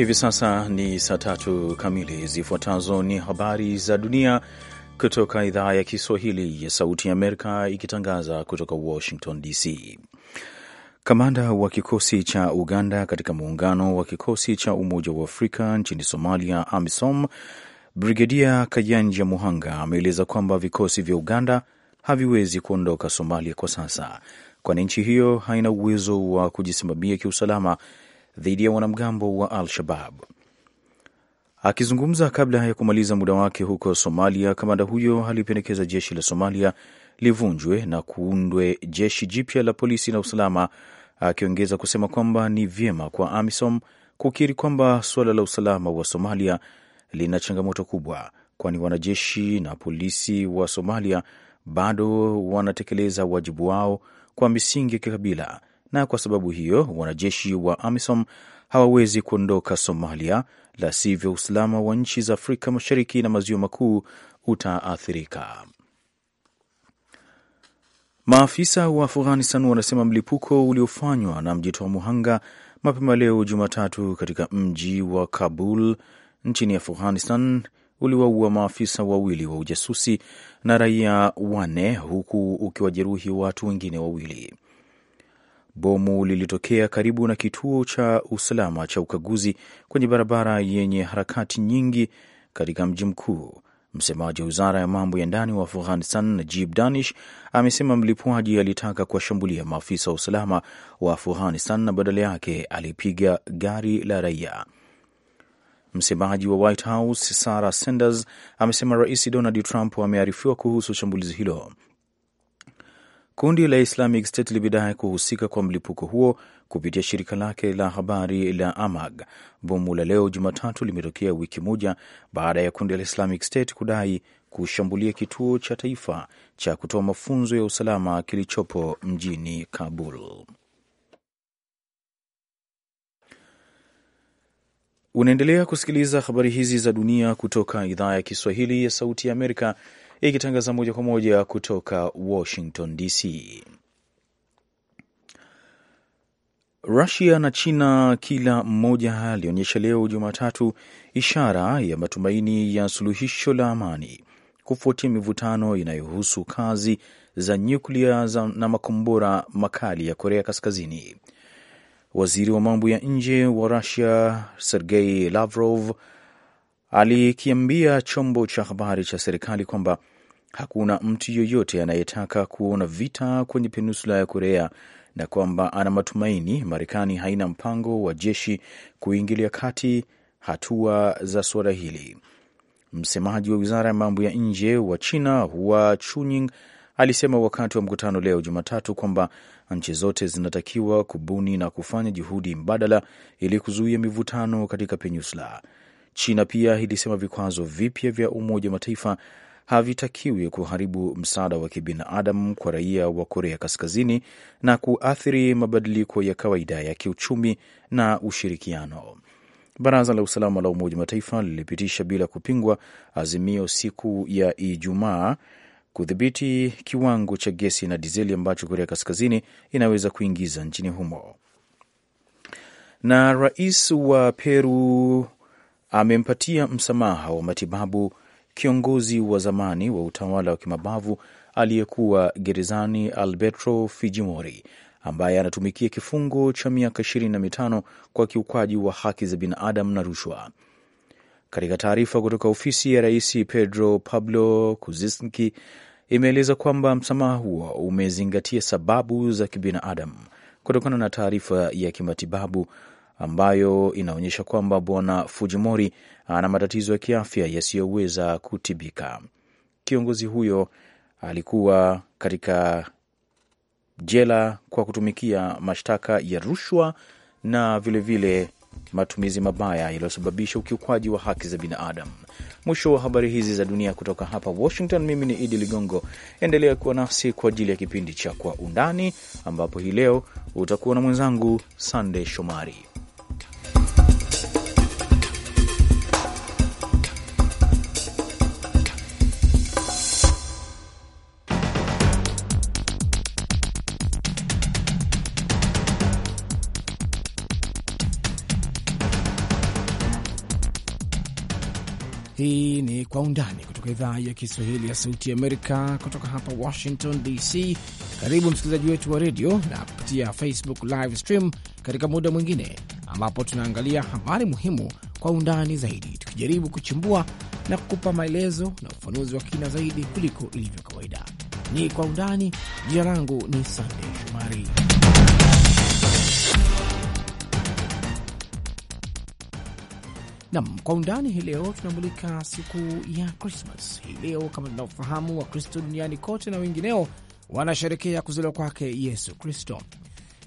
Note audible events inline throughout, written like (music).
Hivi sasa ni saa tatu kamili. Zifuatazo ni habari za dunia kutoka idhaa ya Kiswahili ya Sauti ya Amerika, ikitangaza kutoka Washington DC. Kamanda wa kikosi cha Uganda katika muungano wa kikosi cha Umoja wa Afrika nchini Somalia, AMISOM, Brigedia Kayanja Muhanga ameeleza kwamba vikosi vya Uganda haviwezi kuondoka Somalia kwa sasa, kwani nchi hiyo haina uwezo wa kujisimamia kiusalama dhidi ya wanamgambo wa Al-Shabab. Akizungumza kabla ya kumaliza muda wake huko Somalia, kamanda huyo alipendekeza jeshi la Somalia livunjwe na kuundwe jeshi jipya la polisi na usalama, akiongeza kusema kwamba ni vyema kwa AMISOM kukiri kwamba suala la usalama wa Somalia lina changamoto kubwa, kwani wanajeshi na polisi wa Somalia bado wanatekeleza wajibu wao kwa misingi ya kikabila na kwa sababu hiyo wanajeshi wa AMISOM hawawezi kuondoka Somalia, la sivyo usalama wa nchi za Afrika Mashariki na Maziwa Makuu utaathirika. Maafisa wa Afghanistan wanasema mlipuko uliofanywa na mjitoa muhanga mapema leo Jumatatu katika mji wa Kabul nchini Afghanistan uliwaua maafisa wawili wa ujasusi na raia wane huku ukiwajeruhi watu wengine wawili. Bomu lilitokea karibu na kituo cha usalama cha ukaguzi kwenye barabara yenye harakati nyingi katika mji mkuu. Msemaji wa wizara ya mambo ya ndani wa Afghanistan, Najib Danish, amesema mlipuaji alitaka kuwashambulia maafisa wa usalama wa Afghanistan na badala yake alipiga gari la raia. Msemaji wa White House Sarah Sanders amesema Rais Donald Trump amearifiwa kuhusu shambulizi hilo. Kundi la Islamic State limedai kuhusika kwa mlipuko huo kupitia shirika lake la habari la Amag. Bomu la leo Jumatatu limetokea wiki moja baada ya kundi la Islamic State kudai kushambulia kituo cha taifa cha kutoa mafunzo ya usalama kilichopo mjini Kabul. Unaendelea kusikiliza habari hizi za dunia kutoka idhaa ya Kiswahili ya Sauti ya Amerika ikitangaza moja kwa moja kutoka Washington DC. Rusia na China kila mmoja alionyesha leo Jumatatu ishara ya matumaini ya suluhisho la amani kufuatia mivutano inayohusu kazi za nyuklia na makombora makali ya Korea Kaskazini. Waziri wa mambo ya nje wa Rusia Sergei Lavrov alikiambia chombo cha habari cha serikali kwamba hakuna mtu yoyote anayetaka kuona vita kwenye peninsula ya Korea na kwamba ana matumaini Marekani haina mpango wa jeshi kuingilia kati hatua za suala hili. Msemaji wa wizara ya mambo ya nje wa China Hua Chunying alisema wakati wa mkutano leo Jumatatu kwamba nchi zote zinatakiwa kubuni na kufanya juhudi mbadala ili kuzuia mivutano katika peninsula. China pia ilisema vikwazo vipya vya Umoja wa Mataifa havitakiwi kuharibu msaada wa kibinadamu kwa raia wa Korea Kaskazini na kuathiri mabadiliko ya kawaida ya kiuchumi na ushirikiano. Baraza la Usalama la Umoja wa Mataifa lilipitisha bila kupingwa azimio siku ya Ijumaa kudhibiti kiwango cha gesi na dizeli ambacho Korea Kaskazini inaweza kuingiza nchini humo. Na rais wa Peru amempatia msamaha wa matibabu kiongozi wa zamani wa utawala wa kimabavu aliyekuwa gerezani Alberto Fujimori ambaye anatumikia kifungo cha miaka ishirini na mitano kwa kiukwaji wa haki za binadamu na rushwa. Katika taarifa kutoka ofisi ya rais Pedro Pablo Kuczynski imeeleza kwamba msamaha huo umezingatia sababu za kibinadamu kutokana na taarifa ya kimatibabu ambayo inaonyesha kwamba bwana Fujimori ana matatizo ya kiafya yasiyoweza kutibika. Kiongozi huyo alikuwa katika jela kwa kutumikia mashtaka ya rushwa na vilevile vile matumizi mabaya yaliyosababisha ukiukwaji wa haki za binadamu. Mwisho wa habari hizi za dunia kutoka hapa Washington, mimi ni Idi Ligongo. Endelea kuwa nasi kwa ajili ya kipindi cha Kwa Undani, ambapo hii leo utakuwa na mwenzangu Sandey Shomari. ni Kwa Undani kutoka idhaa ya Kiswahili ya Sauti ya Amerika kutoka hapa Washington DC. Karibu msikilizaji wetu wa redio na kupitia Facebook live stream katika muda mwingine, ambapo tunaangalia habari muhimu kwa undani zaidi, tukijaribu kuchimbua na kukupa maelezo na ufanuzi wa kina zaidi kuliko ilivyo kawaida. Ni Kwa Undani. Jina langu ni Sandey Shomari. Nam kwa undani hii leo tunamulika siku ya Krismas. Hii leo kama tunavyofahamu, Wakristo duniani kote na wengineo wanasherekea kuzaliwa kwake Yesu Kristo,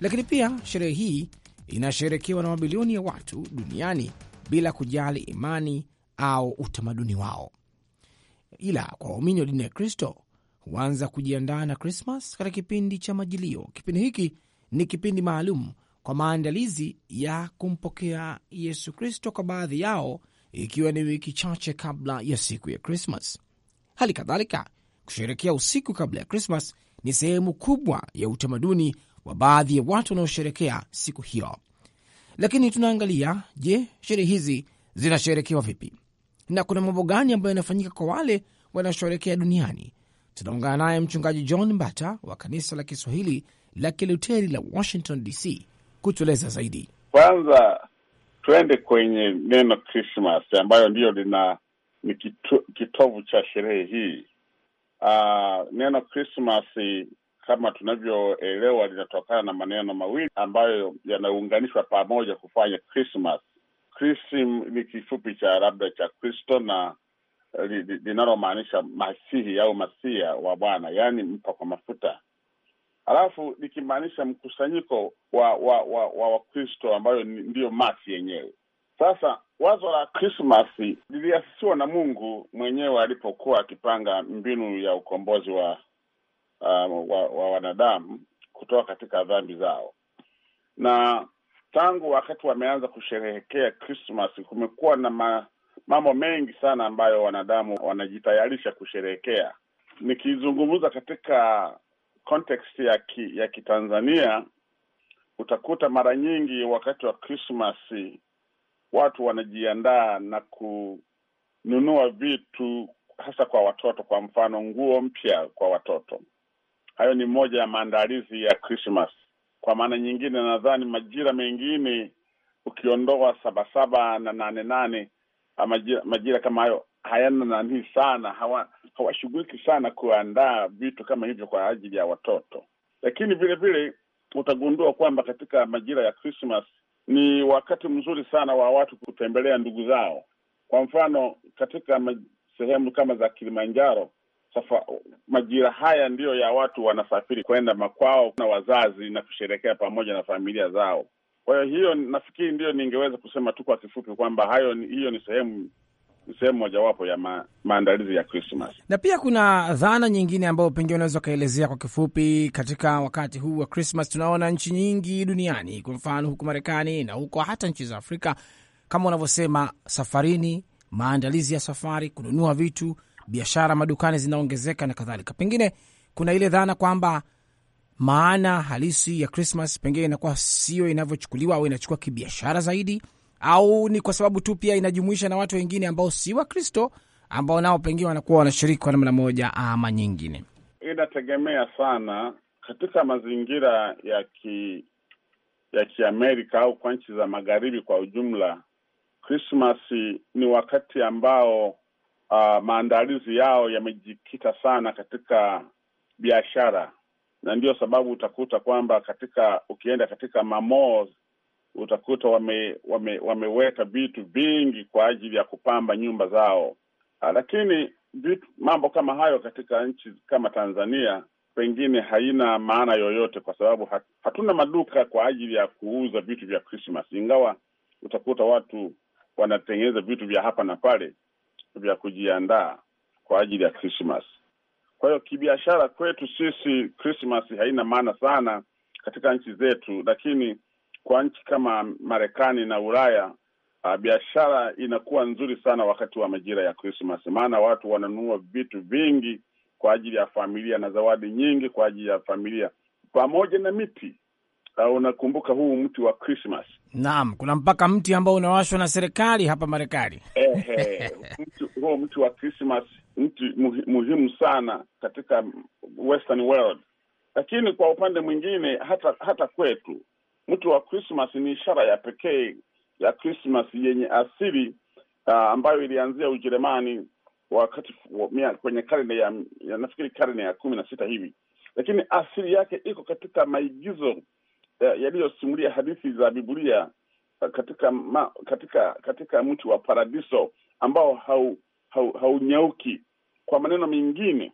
lakini pia sherehe hii inasherekewa na mabilioni ya watu duniani bila kujali imani au utamaduni wao. Ila kwa waumini wa dini ya Kristo huanza kujiandaa na Krismas katika kipindi cha Majilio. Kipindi hiki ni kipindi maalum kwa maandalizi ya kumpokea Yesu Kristo kwa baadhi yao, ikiwa ni wiki chache kabla ya siku ya Krismas. Hali kadhalika, kusherekea usiku kabla ya Krismas ni sehemu kubwa ya utamaduni wa baadhi ya watu wanaosherekea siku hiyo. Lakini tunaangalia, je, sherehe hizi zinasherekewa vipi na kuna mambo gani ambayo yanafanyika kwa wale wanaosherekea duniani? Tunaungana naye Mchungaji John Mbata wa kanisa la Kiswahili la Kiluteri la Washington DC kutueleza zaidi. Kwanza tuende kwenye neno Christmas ambayo ndiyo lina ni kitu, kitovu cha sherehe hii. Uh, neno Christmas kama tunavyoelewa linatokana na maneno mawili ambayo yanaunganishwa pamoja kufanya Christmas. Krism ni kifupi cha labda cha Kristo na eh, linalomaanisha masihi au masia wa Bwana, yaani mpa kwa mafuta alafu nikimaanisha mkusanyiko wa wa wa, wa Wakristo ambayo ndiyo masi yenyewe. Sasa wazo la Krismasi liliasisiwa na Mungu mwenyewe alipokuwa akipanga mbinu ya ukombozi wa, uh, wa wa wanadamu kutoka katika dhambi zao, na tangu wakati wameanza kusherehekea Krismasi kumekuwa na ma, mambo mengi sana ambayo wanadamu wanajitayarisha kusherehekea. Nikizungumza katika context ya ki, ya Kitanzania utakuta mara nyingi wakati wa Krismasi watu wanajiandaa na kununua vitu hasa kwa watoto, kwa mfano nguo mpya kwa watoto. Hayo ni moja ya maandalizi ya krismas Kwa maana nyingine, nadhani majira mengine ukiondoa Sabasaba na Nane Nane, majira, majira kama hayo hayana nani sana, hawashughuliki sana kuandaa vitu kama hivyo kwa ajili ya watoto, lakini vile vile utagundua kwamba katika majira ya Christmas ni wakati mzuri sana wa watu kutembelea ndugu zao. Kwa mfano katika sehemu kama za Kilimanjaro safa, majira haya ndiyo ya watu wanasafiri kwenda makwao na wazazi na kusherekea pamoja na familia zao. Kwa hiyo hiyo nafikiri ndiyo ningeweza kusema tu kwa kifupi kwamba hayo hiyo ni sehemu sehemu mojawapo ya ma, maandalizi ya Krismas. Na pia kuna dhana nyingine ambayo pengine unaweza ukaelezea kwa kifupi. Katika wakati huu wa Krismas, tunaona nchi nyingi duniani, kwa mfano huku Marekani na huko hata nchi za Afrika, kama unavyosema, safarini, maandalizi ya safari, kununua vitu, biashara madukani zinaongezeka na kadhalika. Pengine kuna ile dhana kwamba maana halisi ya Krismas pengine inakuwa sio inavyochukuliwa au inachukua kibiashara zaidi au ni kwa sababu tu pia inajumuisha na watu wengine ambao si Wakristo ambao nao pengine wanakuwa wanashiriki kwa namna moja ama nyingine? Inategemea sana katika mazingira ya ki ya Kiamerika au kwa nchi za magharibi kwa ujumla. Christmas ni wakati ambao uh, maandalizi yao yamejikita sana katika biashara, na ndio sababu utakuta kwamba katika ukienda katika mamoo utakuta wame, wame, wameweka vitu vingi kwa ajili ya kupamba nyumba zao, ah, lakini vitu, mambo kama hayo katika nchi kama Tanzania pengine haina maana yoyote, kwa sababu hatuna maduka kwa ajili ya kuuza vitu vya krismas ingawa utakuta watu wanatengeneza vitu vya hapa na pale vya kujiandaa kwa ajili ya krismas Kwa hiyo kibiashara kwetu sisi krismas haina maana sana katika nchi zetu, lakini kwa nchi kama Marekani na Ulaya uh, biashara inakuwa nzuri sana wakati wa majira ya Krismas, maana watu wananunua vitu vingi kwa ajili ya familia na zawadi nyingi kwa ajili ya familia pamoja na miti. Uh, unakumbuka huu mti wa Krismas? Naam, kuna mpaka mti ambao unawashwa na serikali hapa Marekani. (laughs) huo mti wa Krismas mti muhimu sana katika Western world, lakini kwa upande mwingine hata hata kwetu mtu wa krismas ni ishara ya pekee ya krismas yenye asili uh, ambayo ilianzia Ujerumani wakati wa, kwenye karne ya, ya nafikiri karne ya kumi na sita hivi, lakini asili yake iko katika maigizo uh, yaliyosimulia hadithi za bibulia uh, ah, katika ma, katika katika mti wa paradiso ambao haunyauki hau, hau. Kwa maneno mengine,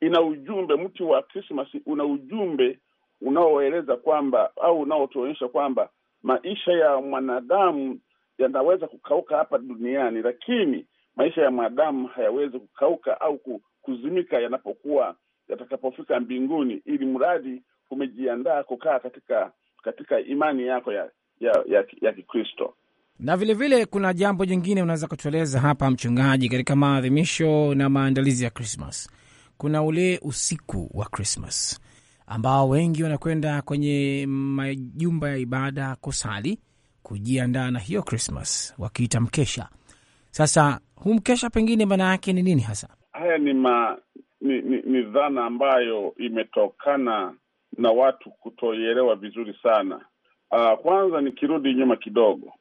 ina ujumbe mti wa krismas una ujumbe unaoeleza kwamba au unaotuonyesha kwamba maisha ya mwanadamu yanaweza kukauka hapa duniani, lakini maisha ya mwanadamu hayawezi kukauka au kuzimika yanapokuwa yatakapofika mbinguni, ili mradi umejiandaa kukaa katika katika imani yako ya ya ya, ya Kikristo. Na vilevile vile, kuna jambo jingine unaweza kutueleza hapa mchungaji, katika maadhimisho na maandalizi ya Krismas kuna ule usiku wa Krismas ambao wengi wanakwenda kwenye majumba ya ibada kusali, kujiandaa na hiyo Krismas wakiita mkesha. Sasa huu mkesha pengine maana yake ni nini hasa? Haya ni, ma, ni, ni, ni dhana ambayo imetokana na watu kutoielewa vizuri sana. Uh, kwanza nikirudi nyuma kidogo,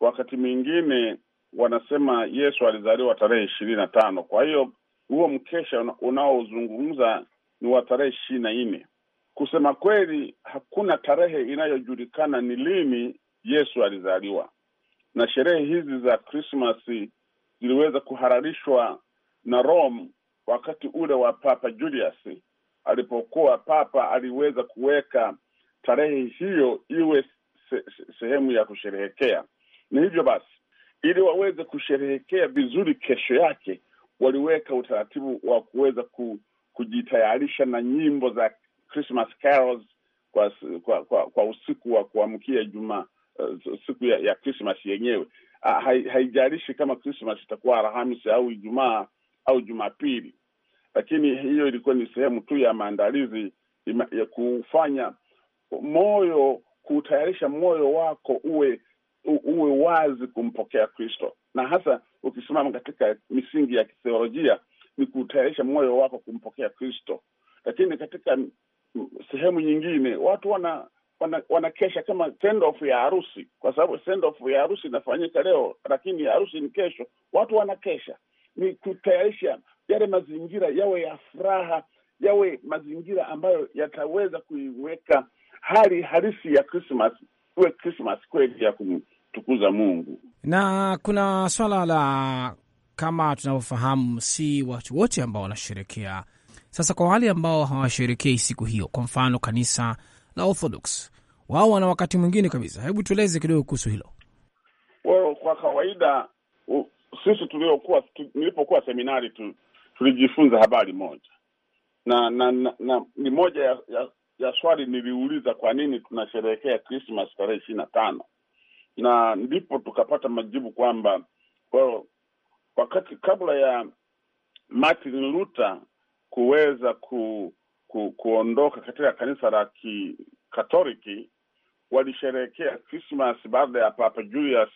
wakati mwingine wanasema Yesu alizaliwa tarehe ishirini na tano. Kwa hiyo huo mkesha unaozungumza ni wa tarehe ishirini na nne Kusema kweli, hakuna tarehe inayojulikana ni lini Yesu alizaliwa, na sherehe hizi za Krismasi ziliweza kuhararishwa na Rome wakati ule wa Papa Julius. Alipokuwa papa, aliweza kuweka tarehe hiyo iwe se, sehemu ya kusherehekea. Ni hivyo basi, ili waweze kusherehekea vizuri kesho yake, waliweka utaratibu wa kuweza ku, kujitayarisha na nyimbo za Christmas carols kwa kwa, kwa, kwa usiku wa kuamkia juma uh, siku ya, ya Christmas yenyewe uh, haijalishi kama Christmas itakuwa Alhamisi au Ijumaa au Jumapili, lakini hiyo ilikuwa ni sehemu tu ya maandalizi ya kufanya moyo kutayarisha moyo wako uwe uwe wazi kumpokea Kristo, na hasa ukisimama katika misingi ya kitheolojia ni kutayarisha moyo wako kumpokea Kristo. Lakini katika sehemu nyingine watu wana wanakesha wana kama send off ya harusi, kwa sababu send off ya harusi inafanyika leo, lakini harusi ni kesho. Watu wanakesha, ni kutayarisha yale mazingira yawe ya furaha, yawe mazingira ambayo yataweza kuiweka hali halisi ya Krismas iwe krismas kweli ya kumtukuza Mungu. Na kuna swala la kama tunavyofahamu, si watu wote ambao wanasherekea sasa kwa wale ambao hawasherekei siku hiyo, kwa mfano kanisa la Orthodox, wao wana wakati mwingine kabisa. Hebu tueleze kidogo kuhusu hilo. Well, kwa kawaida u, sisi tuliokuwa nilipokuwa seminari tu, tulijifunza habari moja na na, na, na ni moja ya, ya, ya swali niliuliza, kwa nini tunasherehekea krismas tarehe ishirini na tano? Na ndipo tukapata majibu kwamba well, wakati kabla ya Martin Luther kuweza ku, ku, kuondoka katika kanisa la Kikatoliki walisherehekea Krismas baada ya Papa Julius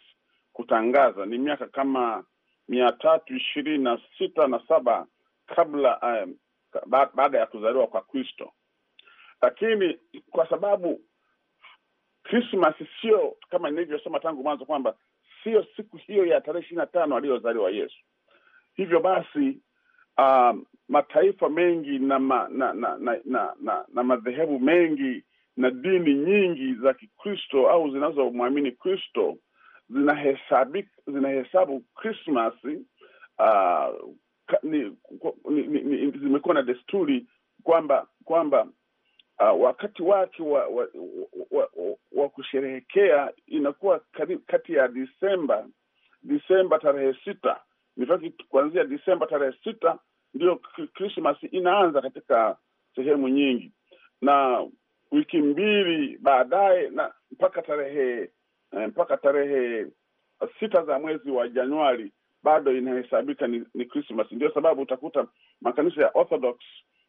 kutangaza ni miaka kama mia tatu ishirini na sita na saba kabla um, baada ya kuzaliwa kwa Kristo. Lakini kwa sababu Krismas sio kama nilivyosema tangu mwanzo kwamba sio siku hiyo ya tarehe ishirini na tano aliyozaliwa Yesu, hivyo basi uh, mataifa mengi na, ma, na, na, na, na, na, na madhehebu mengi na dini nyingi za Kikristo au zinazomwamini Kristo zinahesabu zinahesabu Christmas uh, zimekuwa na desturi kwamba kwamba uh, wakati wake wa, wa, wa, wa, wa kusherehekea inakuwa kati ya Disemba Disemba tarehe sita kuanzia Disemba tarehe sita ndiyo Krismasi inaanza katika sehemu nyingi, na wiki mbili baadaye na mpaka tarehe eh, mpaka tarehe sita za mwezi wa Januari bado inahesabika ni, ni Christmas. Ndio sababu utakuta makanisa ya Orthodox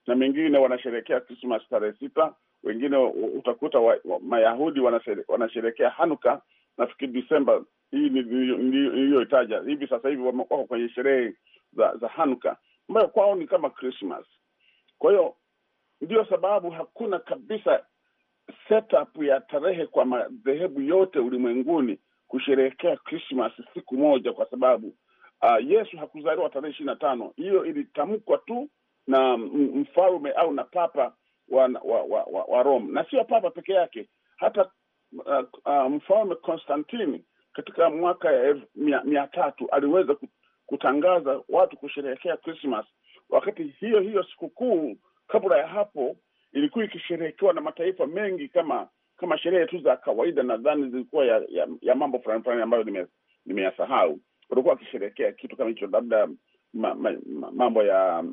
na mengine wanasherekea Christmas tarehe sita, wengine utakuta wa, wa, Mayahudi wanasherekea Hanuka nafikiri Disemba hii niliyoitaja hivi sasa hivi wako kwenye sherehe za, za Hanuka ambayo kwao ni kama Christmas. Kwa hiyo ndiyo sababu hakuna kabisa setup ya tarehe kwa madhehebu yote ulimwenguni kusherehekea Christmas siku moja, kwa sababu uh, Yesu hakuzaliwa tarehe ishirini na tano. Hiyo ilitamkwa tu na mfalme au na papa wa wa, wa, wa, wa Rome, na sio papa peke yake, hata uh, uh, mfalme Konstantini katika mwaka mia, mia tatu aliweza kutangaza watu kusherehekea Christmas, wakati hiyo hiyo sikukuu kabla ya hapo ilikuwa ikisherehekewa na mataifa mengi kama kama sherehe tu za kawaida, nadhani zilikuwa ya, ya, ya mambo fulani fulani ambayo nime, nimeyasahau. Walikuwa wakisherehekea kitu kama hicho, labda ma, ma, ma, mambo ya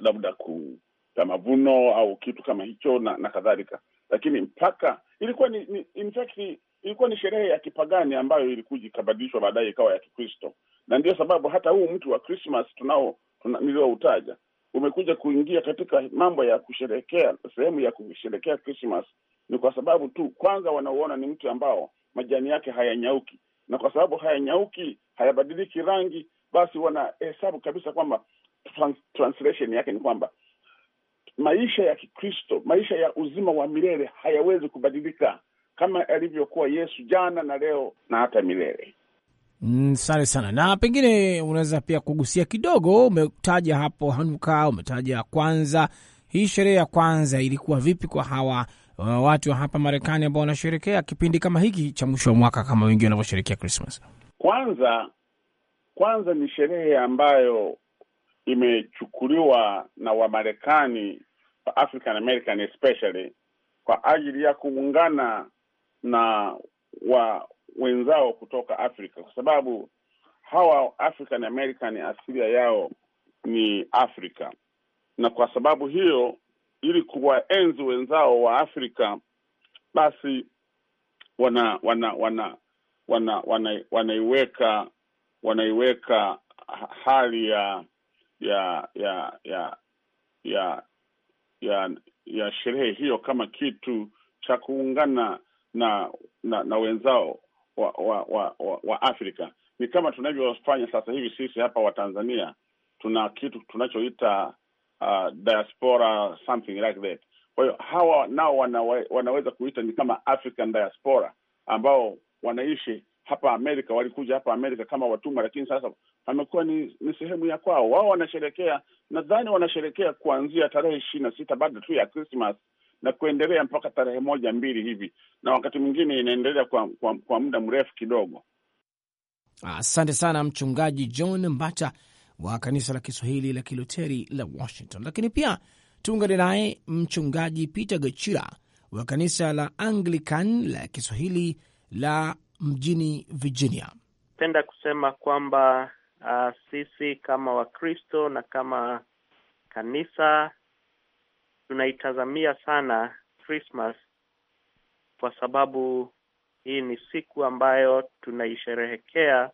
labda ku ya mavuno au kitu kama hicho na, na kadhalika, lakini mpaka ilikuwa ni, ni in fact ilikuwa ni sherehe ya kipagani ambayo ilikuja ikabadilishwa baadaye ikawa ya Kikristo na ndio sababu hata huu mtu wa krismas tunao tuna, niliyoutaja umekuja kuingia katika mambo ya kusherekea, sehemu ya kusherekea krismas ni kwa sababu tu kwanza wanauona ni mtu ambao majani yake hayanyauki, na kwa sababu hayanyauki, hayabadiliki rangi, basi wanahesabu kabisa kwamba trans, translation yake ni kwamba maisha ya Kikristo, maisha ya uzima wa milele hayawezi kubadilika kama alivyokuwa Yesu jana na leo na hata milele. Asante mm, sana. Na pengine unaweza pia kugusia kidogo, umetaja hapo Hanuka, umetaja kwanza, hii sherehe ya kwanza ilikuwa vipi kwa hawa uh, watu wa hapa Marekani ambao wanasherekea kipindi kama hiki cha mwisho wa mwaka kama wengi wanavyosherekea Christmas? Kwanza kwanza ni sherehe ambayo imechukuliwa na Wamarekani, African American especially, kwa ajili ya kuungana na wa wenzao kutoka Afrika kwa sababu hawa African American asilia yao ni Afrika, na kwa sababu hiyo, ili kuwaenzi wenzao wa Afrika, basi wana wana wana wana wanaiweka wanaiweka hali ya ya ya ya ya ya ya sherehe hiyo kama kitu cha kuungana na na, na wenzao wa wa, wa wa wa Afrika. Ni kama tunavyofanya sasa hivi sisi hapa wa tanzania tuna kitu tunachoita uh, diaspora something like that. Kwa hiyo hawa nao wanawe, wanaweza kuita ni kama African diaspora ambao wanaishi hapa Amerika, walikuja hapa Amerika kama watumwa, lakini sasa amekuwa ni, ni sehemu ya kwao. Wao wanasherekea, nadhani wanasherekea kuanzia tarehe ishirini na sita baada tu ya Christmas na kuendelea mpaka tarehe moja mbili hivi, na wakati mwingine inaendelea kwa, kwa, kwa muda mrefu kidogo. Asante sana Mchungaji John Mbata wa kanisa la Kiswahili la Kiluteri la Washington. Lakini pia tuungane naye Mchungaji Peter Gachira wa kanisa la Anglican la Kiswahili la mjini Virginia. Penda kusema kwamba uh, sisi kama Wakristo na kama kanisa tunaitazamia sana Christmas kwa sababu hii ni siku ambayo tunaisherehekea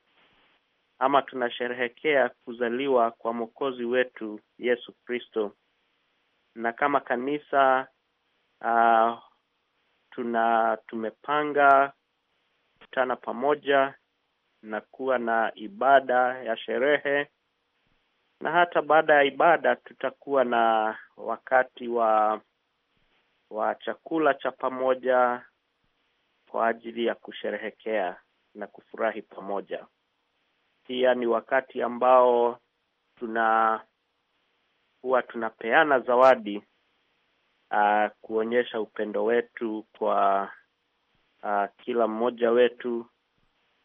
ama tunasherehekea kuzaliwa kwa Mwokozi wetu Yesu Kristo, na kama kanisa uh, tuna tumepanga kukutana pamoja na kuwa na ibada ya sherehe na hata baada ya ibada tutakuwa na wakati wa wa chakula cha pamoja kwa ajili ya kusherehekea na kufurahi pamoja. Pia ni wakati ambao tuna huwa tunapeana zawadi uh, kuonyesha upendo wetu kwa uh, kila mmoja wetu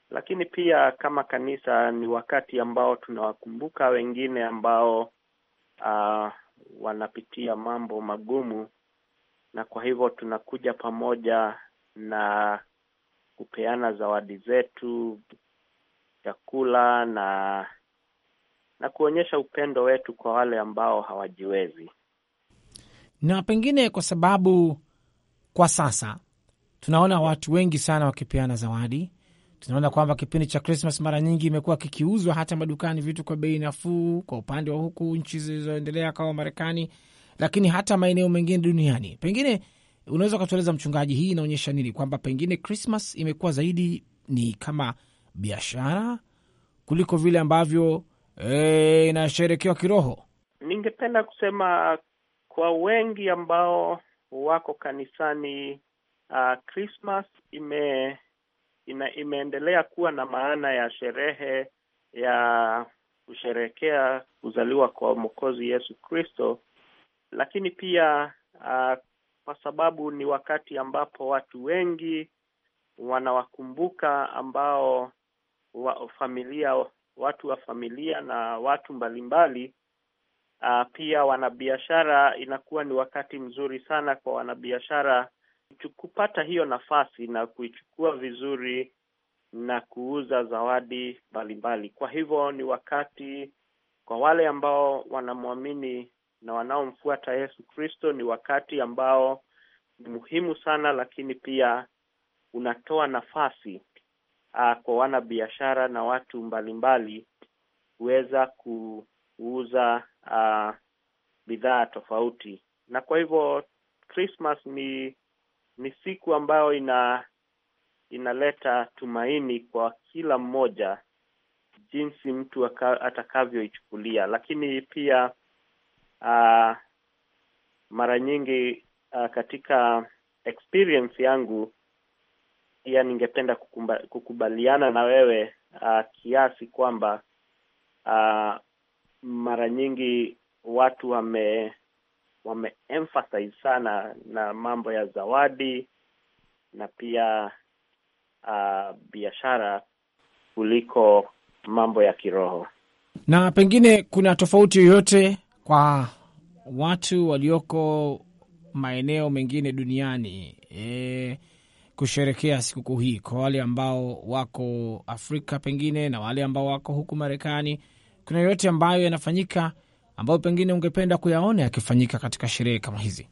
lakini pia kama kanisa ni wakati ambao tunawakumbuka wengine ambao uh, wanapitia mambo magumu, na kwa hivyo tunakuja pamoja na kupeana zawadi zetu, chakula na na kuonyesha upendo wetu kwa wale ambao hawajiwezi. Na pengine kwa sababu kwa sasa tunaona watu wengi sana wakipeana zawadi tunaona kwamba kipindi cha Krismas mara nyingi imekuwa kikiuzwa hata madukani vitu kwa bei nafuu, kwa upande wa huku nchi zilizoendelea kama Marekani, lakini hata maeneo mengine duniani. Pengine unaweza ukatueleza mchungaji, hii inaonyesha nini? Kwamba pengine Krismas imekuwa zaidi ni kama biashara kuliko vile ambavyo e, inasherekewa kiroho. Ningependa kusema kwa wengi ambao wako kanisani, Krismas ah, uh, ime ina, imeendelea kuwa na maana ya sherehe ya kusherekea kuzaliwa kwa Mwokozi Yesu Kristo, lakini pia uh, kwa sababu ni wakati ambapo watu wengi wanawakumbuka ambao wa familia watu wa familia na watu mbalimbali mbali. Uh, pia wanabiashara, inakuwa ni wakati mzuri sana kwa wanabiashara kupata hiyo nafasi na kuichukua vizuri na kuuza zawadi mbalimbali. Kwa hivyo ni wakati kwa wale ambao wanamwamini na wanaomfuata Yesu Kristo, ni wakati ambao ni muhimu sana, lakini pia unatoa nafasi uh, kwa wanabiashara na watu mbalimbali kuweza kuuza uh, bidhaa tofauti, na kwa hivyo Christmas ni ni siku ambayo ina inaleta tumaini kwa kila mmoja jinsi mtu atakavyoichukulia, lakini pia uh, mara nyingi uh, katika experience yangu pia ningependa kukubaliana na wewe uh, kiasi kwamba uh, mara nyingi watu wame wameemphasize sana na mambo ya zawadi na pia uh, biashara kuliko mambo ya kiroho. Na pengine kuna tofauti yoyote kwa watu walioko maeneo mengine duniani e, kusherekea sikukuu hii kwa wale ambao wako Afrika pengine na wale ambao wako huku Marekani, kuna yoyote ambayo yanafanyika ambayo pengine ungependa kuyaona yakifanyika katika sherehe kama hizi?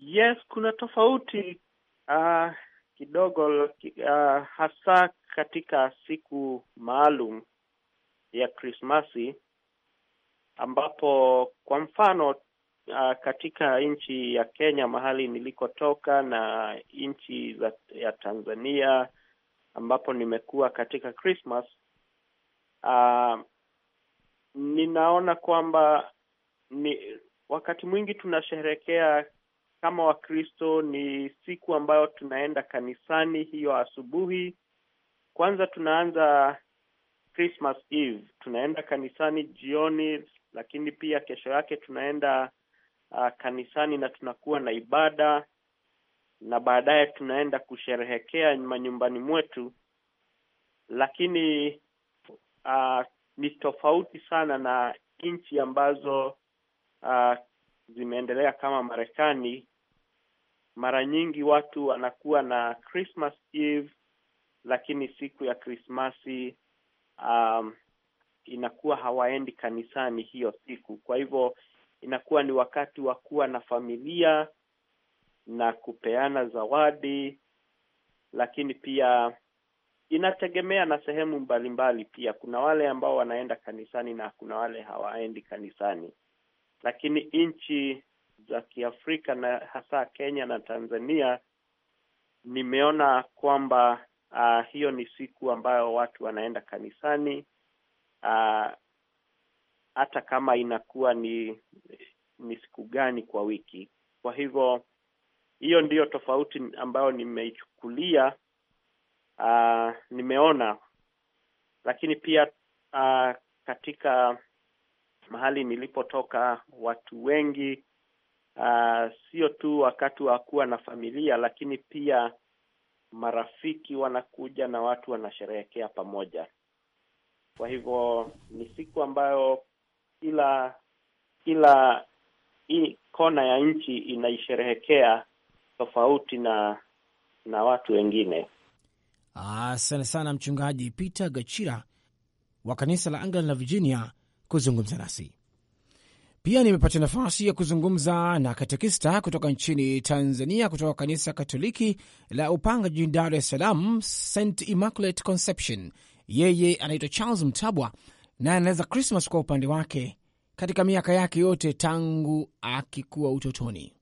Yes, kuna tofauti uh, kidogo uh, hasa katika siku maalum ya Krismasi ambapo kwa mfano uh, katika nchi ya Kenya mahali nilikotoka na nchi ya Tanzania ambapo nimekuwa katika krismas uh, ninaona kwamba ni wakati mwingi tunasherehekea kama Wakristo, ni siku ambayo tunaenda kanisani hiyo asubuhi. Kwanza tunaanza Christmas Eve, tunaenda kanisani jioni, lakini pia kesho yake tunaenda uh, kanisani na tunakuwa na ibada na baadaye tunaenda kusherehekea manyumbani mwetu, lakini uh, ni tofauti sana na nchi ambazo uh, zimeendelea kama Marekani. Mara nyingi watu wanakuwa na Christmas Eve, lakini siku ya Krismasi um, inakuwa hawaendi kanisani hiyo siku. Kwa hivyo inakuwa ni wakati wa kuwa na familia na kupeana zawadi, lakini pia inategemea na sehemu mbalimbali pia. Kuna wale ambao wanaenda kanisani na kuna wale hawaendi kanisani, lakini nchi za Kiafrika na hasa Kenya na Tanzania nimeona kwamba uh, hiyo ni siku ambayo watu wanaenda kanisani uh, hata kama inakuwa ni ni siku gani kwa wiki. Kwa hivyo hiyo ndiyo tofauti ambayo nimeichukulia uh, nimeona, lakini pia uh, katika mahali nilipotoka watu wengi ah, sio tu wakati wa kuwa na familia, lakini pia marafiki wanakuja na watu wanasherehekea pamoja. Kwa hivyo ni siku ambayo kila kila hii kona ya nchi inaisherehekea tofauti na na watu wengine. Asante sana Mchungaji Peter Gachira wa kanisa la Anglican la Virginia kuzungumza nasi. Pia nimepata nafasi ya kuzungumza na katekista kutoka nchini Tanzania, kutoka kanisa Katoliki la Upanga jijini Dar es Salaam, St Immaculate Conception. Yeye anaitwa Charles Mtabwa na anaweza Krismas kwa upande wake katika miaka yake yote tangu akikuwa utotoni.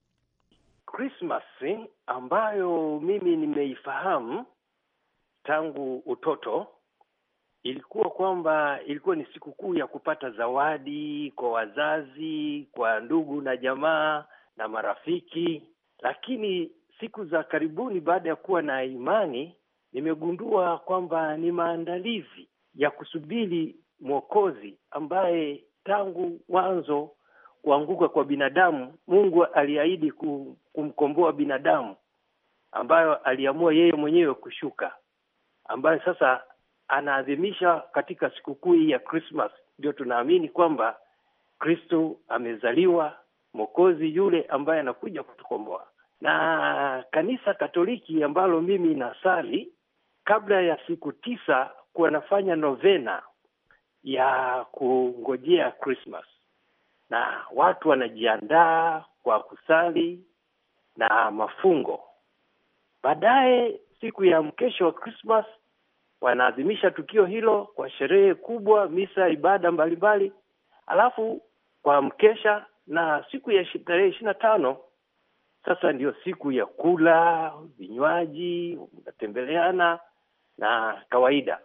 Krismas eh, ambayo mimi nimeifahamu tangu utoto ilikuwa kwamba ilikuwa ni sikukuu ya kupata zawadi kwa wazazi, kwa ndugu na jamaa na marafiki. Lakini siku za karibuni, baada ya kuwa na imani, nimegundua kwamba ni maandalizi ya kusubiri Mwokozi ambaye tangu mwanzo kuanguka kwa binadamu, Mungu aliahidi kumkomboa binadamu, ambayo aliamua yeye mwenyewe kushuka ambaye sasa anaadhimisha katika sikukuu hii ya krismas Ndio tunaamini kwamba Kristo amezaliwa Mwokozi yule ambaye anakuja kutukomboa. Na kanisa Katoliki ambalo mimi nasali, kabla ya siku tisa wanafanya novena ya kungojea Krismas, na watu wanajiandaa kwa kusali na mafungo. Baadaye siku ya mkesho wa Christmas wanaadhimisha tukio hilo kwa sherehe kubwa, misa, ibada mbalimbali, alafu kwa mkesha na siku ya tarehe ishirini na tano sasa ndiyo siku ya kula vinywaji, unatembeleana na kawaida.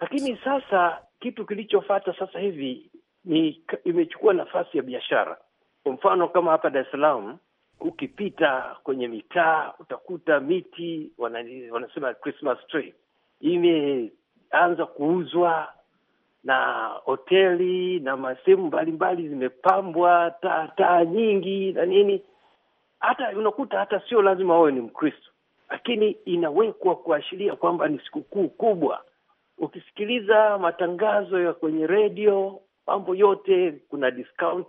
Lakini sasa kitu kilichofata sasa hivi ni imechukua nafasi ya biashara. Kwa mfano kama hapa Dar es Salaam ukipita kwenye mitaa utakuta miti wanani, wanasema Christmas tree imeanza kuuzwa na hoteli na masehemu mbalimbali zimepambwa taa taa nyingi na nini. Hata unakuta hata sio lazima wawe ni Mkristo, lakini inawekwa kuashiria kwamba ni sikukuu kubwa. Ukisikiliza matangazo ya kwenye redio, mambo yote kuna discount,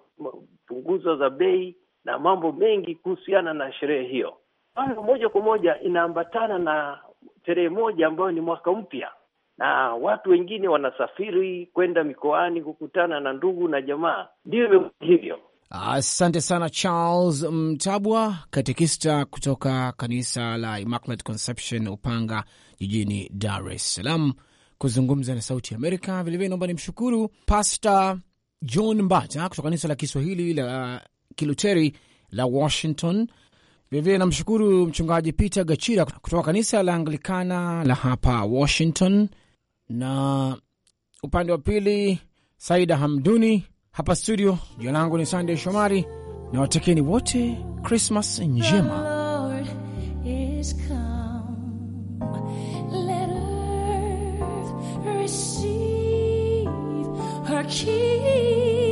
punguzo za bei na mambo mengi kuhusiana na sherehe hiyo ambayo moja kwa moja inaambatana na sherehe moja ambayo ni mwaka mpya, na watu wengine wanasafiri kwenda mikoani kukutana na ndugu na jamaa. Ndiyo hivyo. Asante sana Charles Mtabwa, katekista kutoka kanisa la Immaculate Conception Upanga jijini Dar es Salaam, kuzungumza na Sauti ya Amerika. Vilevile naomba nimshukuru Pasta John Mbata kutoka kanisa la Kiswahili la Kiluteri la Washington. Vilevile namshukuru mchungaji Peter Gachira kutoka kanisa la Anglikana la hapa Washington, na upande wa pili Saida Hamduni hapa studio. Jina langu ni Sandey Shomari na watekeni wote Krismas njema. receive her